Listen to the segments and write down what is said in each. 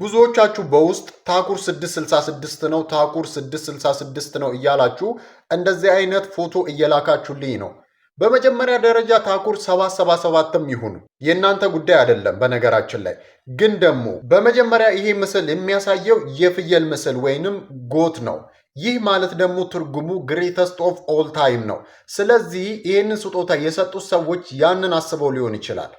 ብዙዎቻችሁ በውስጥ ታኩር 666 ነው ታኩር 666 ነው እያላችሁ እንደዚህ አይነት ፎቶ እየላካችሁልኝ ነው። በመጀመሪያ ደረጃ ታኩር 777ም ይሁን የእናንተ ጉዳይ አይደለም። በነገራችን ላይ ግን ደግሞ በመጀመሪያ ይሄ ምስል የሚያሳየው የፍየል ምስል ወይንም ጎት ነው። ይህ ማለት ደግሞ ትርጉሙ ግሬተስት ኦፍ ኦል ታይም ነው። ስለዚህ ይህንን ስጦታ የሰጡት ሰዎች ያንን አስበው ሊሆን ይችላል።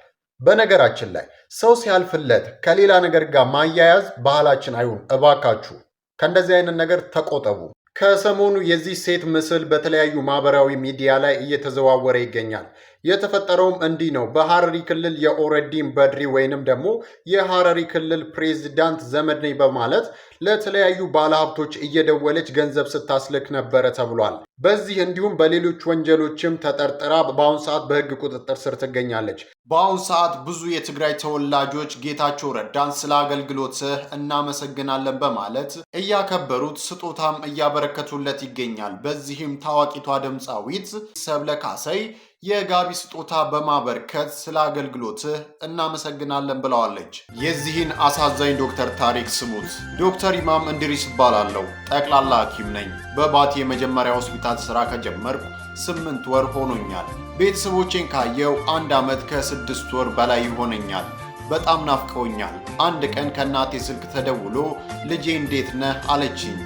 በነገራችን ላይ ሰው ሲያልፍለት ከሌላ ነገር ጋር ማያያዝ ባህላችን አይሁን። እባካችሁ ከእንደዚህ አይነት ነገር ተቆጠቡ። ከሰሞኑ የዚህ ሴት ምስል በተለያዩ ማህበራዊ ሚዲያ ላይ እየተዘዋወረ ይገኛል። የተፈጠረውም እንዲህ ነው። በሐረሪ ክልል የኦረዲን በድሪ ወይንም ደግሞ የሐረሪ ክልል ፕሬዚዳንት ዘመድ ነኝ በማለት ለተለያዩ ባለሀብቶች እየደወለች ገንዘብ ስታስልክ ነበረ ተብሏል። በዚህ እንዲሁም በሌሎች ወንጀሎችም ተጠርጥራ በአሁን ሰዓት በህግ ቁጥጥር ስር ትገኛለች። በአሁን ሰዓት ብዙ የትግራይ ተወላጆች ጌታቸው ረዳን ስለ አገልግሎትህ እናመሰግናለን በማለት እያከበሩት ስጦታም እያበረከቱለት ይገኛል። በዚህም ታዋቂቷ ድምፃዊት ሰብለ የጋቢ ስጦታ በማበርከት ስለ አገልግሎትህ እናመሰግናለን ብለዋለች። የዚህን አሳዛኝ ዶክተር ታሪክ ስሙት። ዶክተር ኢማም እንድሪስ እባላለሁ። ጠቅላላ ሐኪም ነኝ። በባቲ የመጀመሪያ ሆስፒታል ስራ ከጀመርኩ ስምንት ወር ሆኖኛል። ቤተሰቦቼን ካየው አንድ ዓመት ከስድስት ወር በላይ ይሆነኛል። በጣም ናፍቀውኛል። አንድ ቀን ከእናቴ ስልክ ተደውሎ ልጄ እንዴት ነህ አለችኝ።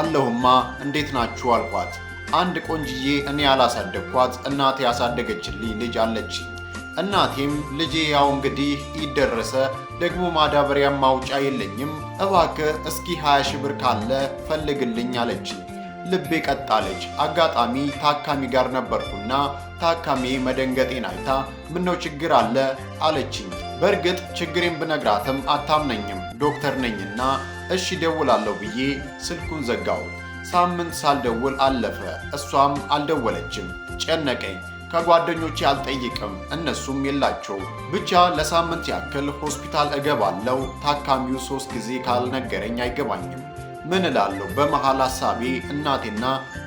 አለሁማ እንዴት ናችሁ አልኳት። አንድ ቆንጅዬ እኔ ያላሳደግኳት እናቴ ያሳደገችልኝ ልጅ አለች። እናቴም ልጄ ያው እንግዲህ ይደረሰ ደግሞ ማዳበሪያ ማውጫ የለኝም፣ እባክህ እስኪ 20 ሺህ ብር ካለ ፈልግልኝ አለች። ልቤ ቀጣለች። አጋጣሚ ታካሚ ጋር ነበርኩና ታካሚ መደንገጤን አይታ ምነው ችግር አለ አለችኝ። በእርግጥ ችግሬን ብነግራትም አታምነኝም ዶክተር ነኝና እሺ ደውላለሁ ብዬ ስልኩን ዘጋው። ሳምንት ሳልደውል አለፈ። እሷም አልደወለችም። ጨነቀኝ። ከጓደኞቼ አልጠይቅም፣ እነሱም የላቸው። ብቻ ለሳምንት ያክል ሆስፒታል እገባለሁ። ታካሚው ሶስት ጊዜ ካልነገረኝ አይገባኝም። ምን እላለሁ? በመሃል ሐሳቤ እናቴና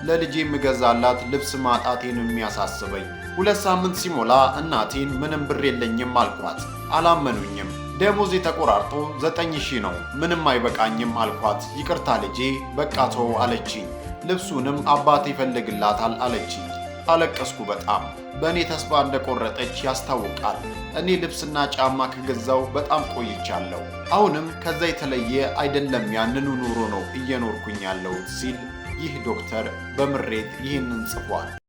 ለልጄ የምገዛላት ልብስ ማጣቴን የሚያሳስበኝ። ሁለት ሳምንት ሲሞላ እናቴን ምንም ብር የለኝም አልኳት። አላመኑኝም። ደሞዜ ተቆራርጦ ዘጠኝ ሺህ ነው። ምንም አይበቃኝም አልኳት። ይቅርታ ልጄ በቃ ተው አለችኝ። ልብሱንም አባት ይፈልግላታል አለችኝ። አለቀስኩ በጣም በእኔ ተስፋ እንደቆረጠች ያስታውቃል። እኔ ልብስና ጫማ ከገዛው በጣም ቆይቻለሁ። አሁንም ከዛ የተለየ አይደለም ያንኑ ኑሮ ነው እየኖርኩኝ ያለሁት ሲል ይህ ዶክተር በምሬት ይህንን ጽፏል።